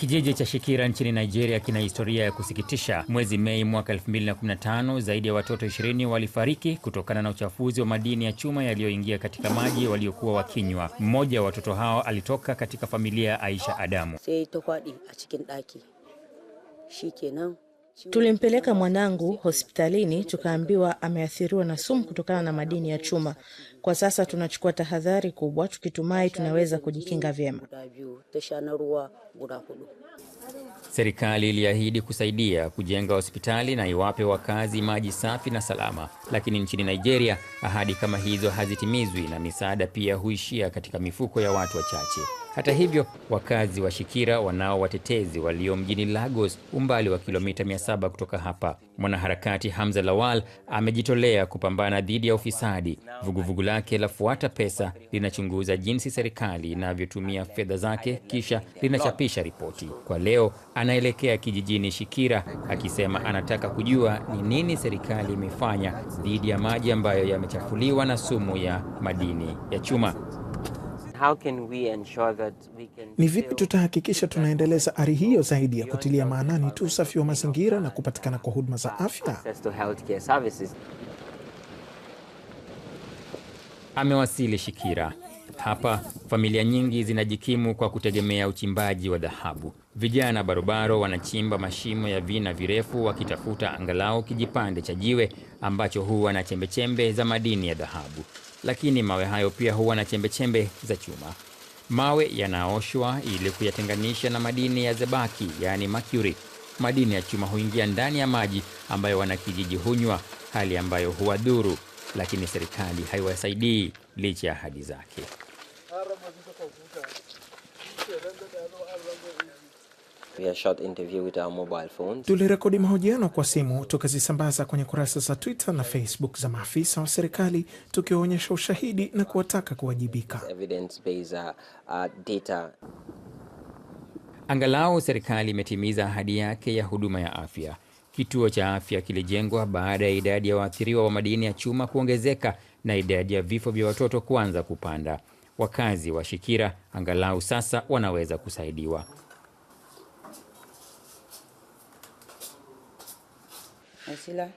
Kijiji cha Shikira nchini Nigeria kina historia ya kusikitisha. Mwezi Mei mwaka 2015 zaidi ya watoto 20 walifariki kutokana na uchafuzi wa madini ya chuma yaliyoingia katika maji waliokuwa wakinywa. Mmoja wa watoto hao alitoka katika familia ya Aisha Adamu. Tulimpeleka mwanangu hospitalini, tukaambiwa ameathiriwa na sumu kutokana na madini ya chuma. Kwa sasa tunachukua tahadhari kubwa, tukitumai tunaweza kujikinga vyema. Serikali iliahidi kusaidia kujenga hospitali na iwape wakazi maji safi na salama, lakini nchini Nigeria ahadi kama hizo hazitimizwi na misaada pia huishia katika mifuko ya watu wachache. Hata hivyo, wakazi wa Shikira wanao watetezi walio mjini Lagos, umbali wa kilomita 700 kutoka hapa. Mwanaharakati Hamza Lawal amejitolea kupambana dhidi ya ufisadi. Vuguvugu lake la Fuata Pesa linachunguza jinsi serikali inavyotumia fedha zake, kisha linachapisha ripoti. Kwa leo anaelekea kijijini Shikira akisema anataka kujua ni nini serikali imefanya dhidi ya maji ambayo yamechafuliwa na sumu ya madini ya chuma. Ni vipi tutahakikisha tunaendeleza ari hiyo zaidi ya kutilia maanani tu usafi wa mazingira na kupatikana kwa huduma za afya? Amewasili Shikira. Hapa familia nyingi zinajikimu kwa kutegemea uchimbaji wa dhahabu. Vijana barobaro wanachimba mashimo ya vina virefu wakitafuta angalau kijipande cha jiwe ambacho huwa na chembechembe za madini ya dhahabu lakini mawe hayo pia huwa na chembechembe -chembe za chuma. Mawe yanaoshwa ili kuyatenganisha na madini ya zebaki, yaani mercury. Madini ya chuma huingia ndani ya maji ambayo wanakijiji hunywa, hali ambayo huwadhuru, lakini serikali haiwasaidii licha ya ahadi zake. Tulirekodi mahojiano kwa simu tukazisambaza kwenye kurasa za Twitter na Facebook za maafisa wa serikali tukiwaonyesha ushahidi na kuwataka kuwajibika. Uh, uh, angalau serikali imetimiza ahadi yake ya huduma ya afya. Kituo cha afya kilijengwa baada ya idadi ya waathiriwa wa madini ya chuma kuongezeka na idadi ya vifo vya watoto kuanza kupanda. Wakazi wa Shikira angalau sasa wanaweza kusaidiwa. Asila.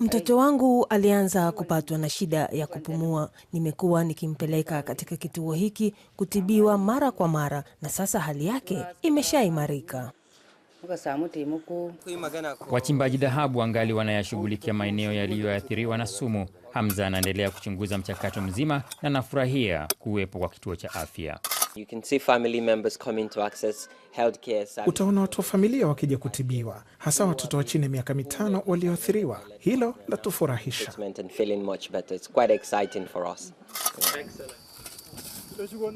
Mtoto wangu alianza kupatwa na shida ya kupumua. Nimekuwa nikimpeleka katika kituo hiki kutibiwa mara kwa mara, na sasa hali yake imeshaimarika. Wachimbaji dhahabu wangali wanayashughulikia maeneo yaliyoathiriwa na sumu. Hamza anaendelea kuchunguza mchakato mzima na anafurahia kuwepo kwa kituo cha afya. You can see family members coming to access healthcare services. Utaona watu wa familia wakija kutibiwa, hasa watoto wa chini ya miaka mitano walioathiriwa. Hilo tufurahisha.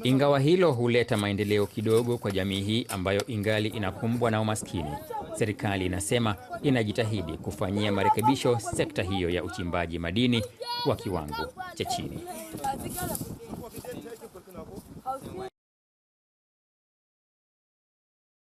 Ingawa hilo huleta maendeleo kidogo kwa jamii hii ambayo ingali inakumbwa na umaskini, serikali inasema inajitahidi kufanyia marekebisho sekta hiyo ya uchimbaji madini wa kiwango cha chini.